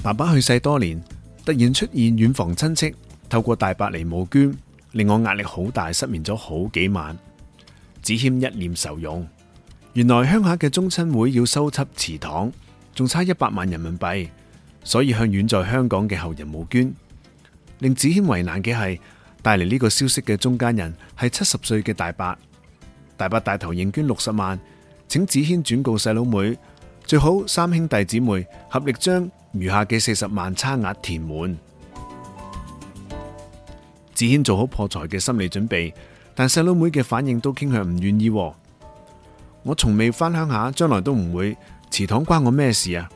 爸爸去世多年，突然出現遠房親戚透過大伯嚟募捐，令我壓力好大，失眠咗好幾晚。子軒一臉愁容，原來鄉下嘅宗親會要修葺祠堂，仲差一百萬人民幣，所以向遠在香港嘅後人募捐。令子軒為難嘅係帶嚟呢個消息嘅中間人係七十歲嘅大伯，大伯帶頭認捐六十萬，請子軒轉告細佬妹妹，最好三兄弟姊妹合力將餘下嘅四十萬差額填滿。子軒做好破財嘅心理準備，但細佬妹嘅反應都傾向唔願意。我從未翻鄉下，將來都唔會。祠堂關我咩事啊？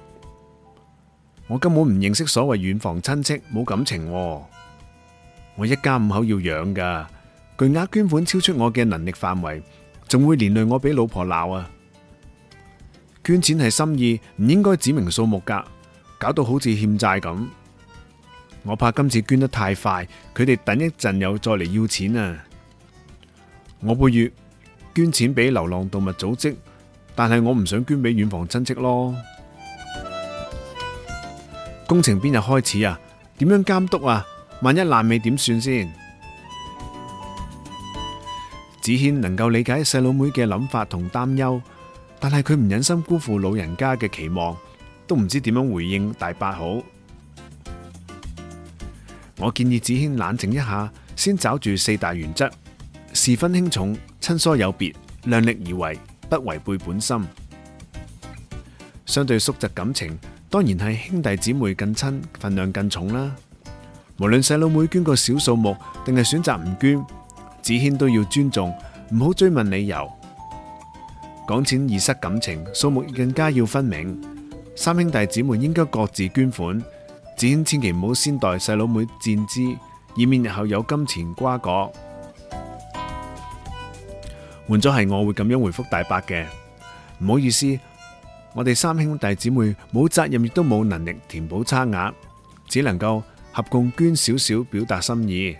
我根本唔認識所謂遠房親戚，冇感情。我一家五口要養噶，巨額捐款超出我嘅能力範圍，仲會連累我俾老婆鬧啊！捐錢係心意，唔應該指明數目噶，搞到好似欠債咁。我怕今次捐得太快，佢哋等一陣又再嚟要錢啊！我每月捐錢俾流浪動物組織，但係我唔想捐俾遠房親戚咯。工程邊日開始啊？點樣監督啊？萬一爛尾點算先？子軒能夠理解細佬妹嘅諗法同擔憂。但係佢唔忍心辜負老人家嘅期望，都唔知點樣回應大伯好。我建議子軒冷靜一下，先抓住四大原則：事分輕重、親疏有別、量力而為、不違背本心。相對叔侄感情，當然係兄弟姊妹更親，份量更重啦。無論細佬妹捐個小數目，定係選擇唔捐，子軒都要尊重，唔好追問理由。講錢易失感情，數目更加要分明。三兄弟姊妹應該各自捐款，子軒千祈唔好先代細佬妹墊資，以免日後有金錢瓜葛。換咗係我會咁樣回覆大伯嘅，唔好意思，我哋三兄弟姊妹冇責任亦都冇能力填補差額，只能夠合共捐少少表達心意。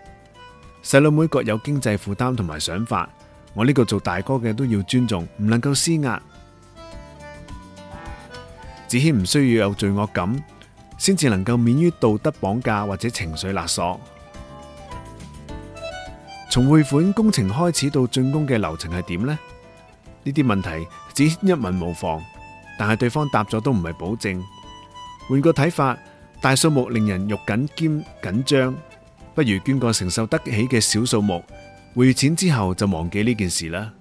細佬妹各有經濟負擔同埋想法。我呢個做大哥嘅都要尊重，唔能夠施壓。子軒唔需要有罪惡感，先至能夠免於道德綁架或者情緒勒索。從匯款工程開始到竣工嘅流程係點呢？呢啲問題子軒一問無妨，但係對方答咗都唔係保證。換個睇法，大數目令人肉緊兼緊張，不如捐個承受得起嘅小數目。匯錢之後就忘記呢件事啦。